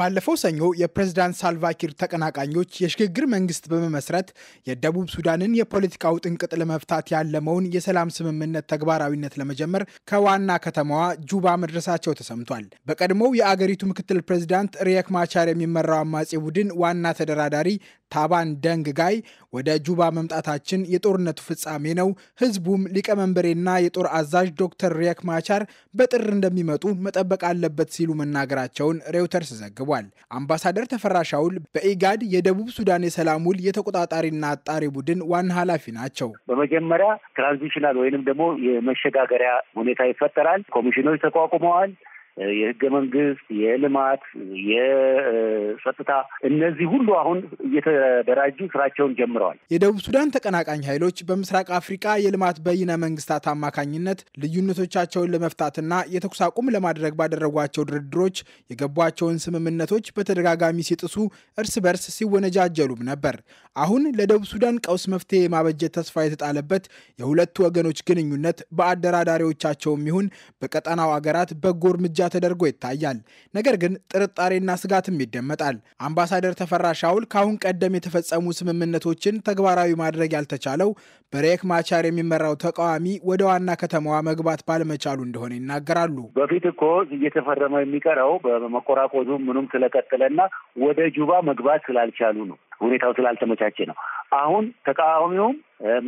ባለፈው ሰኞ የፕሬዝዳንት ሳልቫኪር ተቀናቃኞች የሽግግር መንግስት በመመስረት የደቡብ ሱዳንን የፖለቲካው ጥንቅጥ ለመፍታት ያለመውን የሰላም ስምምነት ተግባራዊነት ለመጀመር ከዋና ከተማዋ ጁባ መድረሳቸው ተሰምቷል። በቀድሞው የአገሪቱ ምክትል ፕሬዝዳንት ሪየክ ማቻር የሚመራው አማጺ ቡድን ዋና ተደራዳሪ ታባን ደንግ ጋይ ወደ ጁባ መምጣታችን የጦርነቱ ፍጻሜ ነው፣ ህዝቡም ሊቀመንበሬና የጦር አዛዥ ዶክተር ሪየክ ማቻር በጥር እንደሚመጡ መጠበቅ አለበት ሲሉ መናገራቸውን ሬውተርስ ዘግቧል። ቀርቧል። አምባሳደር ተፈራ ሻውል በኢጋድ የደቡብ ሱዳን የሰላም ውል የተቆጣጣሪና አጣሪ ቡድን ዋና ኃላፊ ናቸው። በመጀመሪያ ትራንዚሽናል ወይንም ደግሞ የመሸጋገሪያ ሁኔታ ይፈጠራል። ኮሚሽኖች ተቋቁመዋል። የህገ መንግስት፣ የልማት፣ የጸጥታ እነዚህ ሁሉ አሁን እየተደራጁ ስራቸውን ጀምረዋል። የደቡብ ሱዳን ተቀናቃኝ ኃይሎች በምስራቅ አፍሪካ የልማት በይነ መንግስታት አማካኝነት ልዩነቶቻቸውን ለመፍታትና የተኩስ አቁም ለማድረግ ባደረጓቸው ድርድሮች የገቧቸውን ስምምነቶች በተደጋጋሚ ሲጥሱ እርስ በርስ ሲወነጃጀሉም ነበር። አሁን ለደቡብ ሱዳን ቀውስ መፍትሄ የማበጀት ተስፋ የተጣለበት የሁለቱ ወገኖች ግንኙነት በአደራዳሪዎቻቸውም ይሁን በቀጠናው አገራት በጎ እርምጃ ተደርጎ ይታያል። ነገር ግን ጥርጣሬና ስጋትም ይደመጣል። አምባሳደር ተፈራ ሻውል ከአሁን ቀደም የተፈጸሙ ስምምነቶችን ተግባራዊ ማድረግ ያልተቻለው በሬክ ማቻር የሚመራው ተቃዋሚ ወደ ዋና ከተማዋ መግባት ባለመቻሉ እንደሆነ ይናገራሉ። በፊት እኮ እየተፈረመ የሚቀረው በመቆራቆዙ ምኑም ስለቀጠለና ወደ ጁባ መግባት ስላልቻሉ ነው። ሁኔታው ስላልተመቻቸ ነው። አሁን ተቃዋሚውም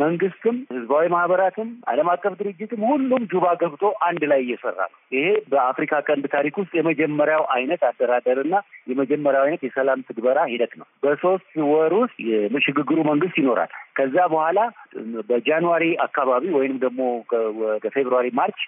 መንግስትም ህዝባዊ ማህበራትም ዓለም አቀፍ ድርጅትም ሁሉም ጁባ ገብቶ አንድ ላይ እየሰራ ነው። ይሄ በአፍሪካ ቀንድ ታሪክ ውስጥ የመጀመሪያው አይነት አደራደርና የመጀመሪያው አይነት የሰላም ትግበራ ሂደት ነው። በሶስት ወር ውስጥ የሽግግሩ መንግስት ይኖራል። ከዛ በኋላ በጃንዋሪ አካባቢ ወይም ደግሞ ወደ ማርች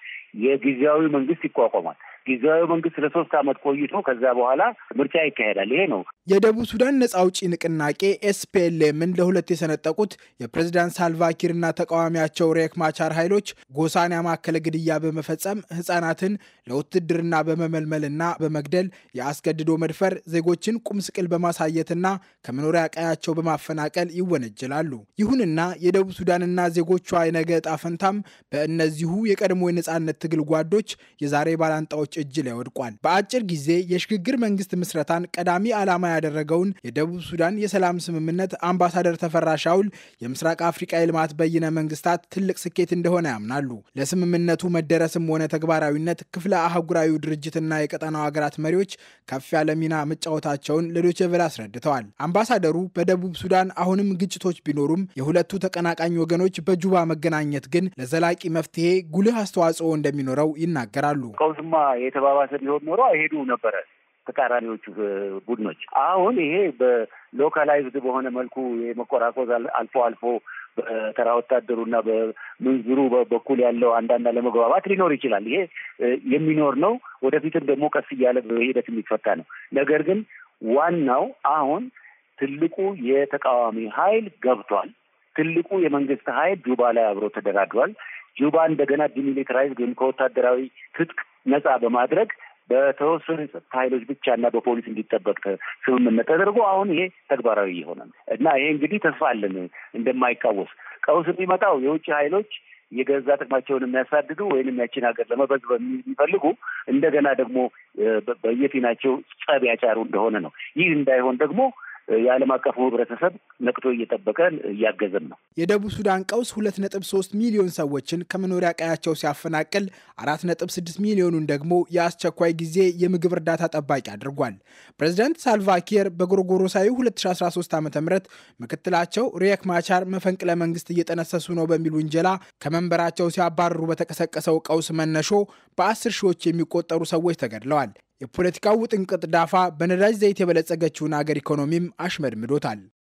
የጊዜያዊ መንግስት ይቋቋማል። ጊዜያዊ መንግስት ለሶስት ዓመት ቆይቶ ከዛ በኋላ ምርጫ ይካሄዳል። ይሄ ነው የደቡብ ሱዳን ነጻ አውጪ ንቅናቄ ኤስፒኤልኤምን ለሁለት የሰነጠቁት የፕሬዝዳንት ሳልቫኪርና ተቃዋሚያቸው ሬክ ማቻር ኃይሎች ጎሳን ያማከለ ግድያ በመፈጸም ህጻናትን ለውትድርና በመመልመልና በመግደል የአስገድዶ መድፈር ዜጎችን ቁምስቅል በማሳየትና ከመኖሪያ ቀያቸው በማፈናቀል ይወነጀላሉ። ይሁንና የደቡብ ሱዳንና ዜጎቿ የነገ ዕጣ ፈንታም በእነዚሁ የቀድሞ የነጻነት ትግል ጓዶች የዛሬ ባላንጣዎች እጅ ላይ ወድቋል። በአጭር ጊዜ የሽግግር መንግስት ምስረታን ቀዳሚ ዓላማ ያደረገውን የደቡብ ሱዳን የሰላም ስምምነት አምባሳደር ተፈራ ሻውል የምስራቅ አፍሪቃ የልማት በይነ መንግስታት ትልቅ ስኬት እንደሆነ ያምናሉ። ለስምምነቱ መደረስም ሆነ ተግባራዊነት ክፍለ አህጉራዊ ድርጅትና የቀጠናው ሀገራት መሪዎች ከፍ ያለ ሚና መጫወታቸውን ለዶቼ ቬለ አስረድተዋል። አምባሳደሩ በደቡብ ሱዳን አሁንም ግጭቶች ቢኖሩም የሁለቱ ተቀናቃኝ ወገኖች በጁባ መገናኘት ግን ለዘላቂ መፍትሄ ጉልህ አስተዋጽኦ እንደሚኖረው ይናገራሉ። ቀውስማ የተባባሰ ቢሆን ኖሮ አይሄዱ ነበረ። ተቃራኒዎቹ ቡድኖች። አሁን ይሄ በሎካላይዝድ በሆነ መልኩ የመቆራቆዝ አልፎ አልፎ በተራ ወታደሩና በምንዝሩ በኩል ያለው አንዳንድ አለመግባባት ሊኖር ይችላል። ይሄ የሚኖር ነው። ወደፊትም ደግሞ ቀስ እያለ በሂደት የሚፈታ ነው። ነገር ግን ዋናው አሁን ትልቁ የተቃዋሚ ኃይል ገብቷል። ትልቁ የመንግስት ኃይል ጁባ ላይ አብሮ ተደራድሯል። ጁባ እንደገና ዲሚሊታራይዝ ወይም ከወታደራዊ ትጥቅ ነጻ በማድረግ በተወሰኑ የጸጥታ ኃይሎች ብቻ እና በፖሊስ እንዲጠበቅ ስምምነት ተደርጎ አሁን ይሄ ተግባራዊ እየሆነ ነው እና ይሄ እንግዲህ ተስፋ አለን እንደማይቃወስ ቀውስ የሚመጣው የውጭ ኃይሎች የገዛ ጥቅማቸውን የሚያሳድዱ ወይንም ያችን ሀገር ለመበዝበ የሚፈልጉ እንደገና ደግሞ በየፊናቸው ጸብ ያጫሩ እንደሆነ ነው። ይህ እንዳይሆን ደግሞ የዓለም አቀፉ ህብረተሰብ ነቅቶ እየጠበቀ እያገዘም ነው። የደቡብ ሱዳን ቀውስ ሁለት ነጥብ ሶስት ሚሊዮን ሰዎችን ከመኖሪያ ቀያቸው ሲያፈናቅል አራት ነጥብ ስድስት ሚሊዮኑን ደግሞ የአስቸኳይ ጊዜ የምግብ እርዳታ ጠባቂ አድርጓል። ፕሬዚዳንት ሳልቫኪር በጎርጎሮሳዊ 2013 ዓ ም ምክትላቸው ሪየክ ማቻር መፈንቅለ መንግስት እየጠነሰሱ ነው በሚል ውንጀላ ከመንበራቸው ሲያባርሩ በተቀሰቀሰው ቀውስ መነሾ በአስር ሺዎች የሚቆጠሩ ሰዎች ተገድለዋል። የፖለቲካው ውጥንቅጥ ዳፋ በነዳጅ ዘይት የበለጸገችውን አገር ኢኮኖሚም አሽመድምዶታል።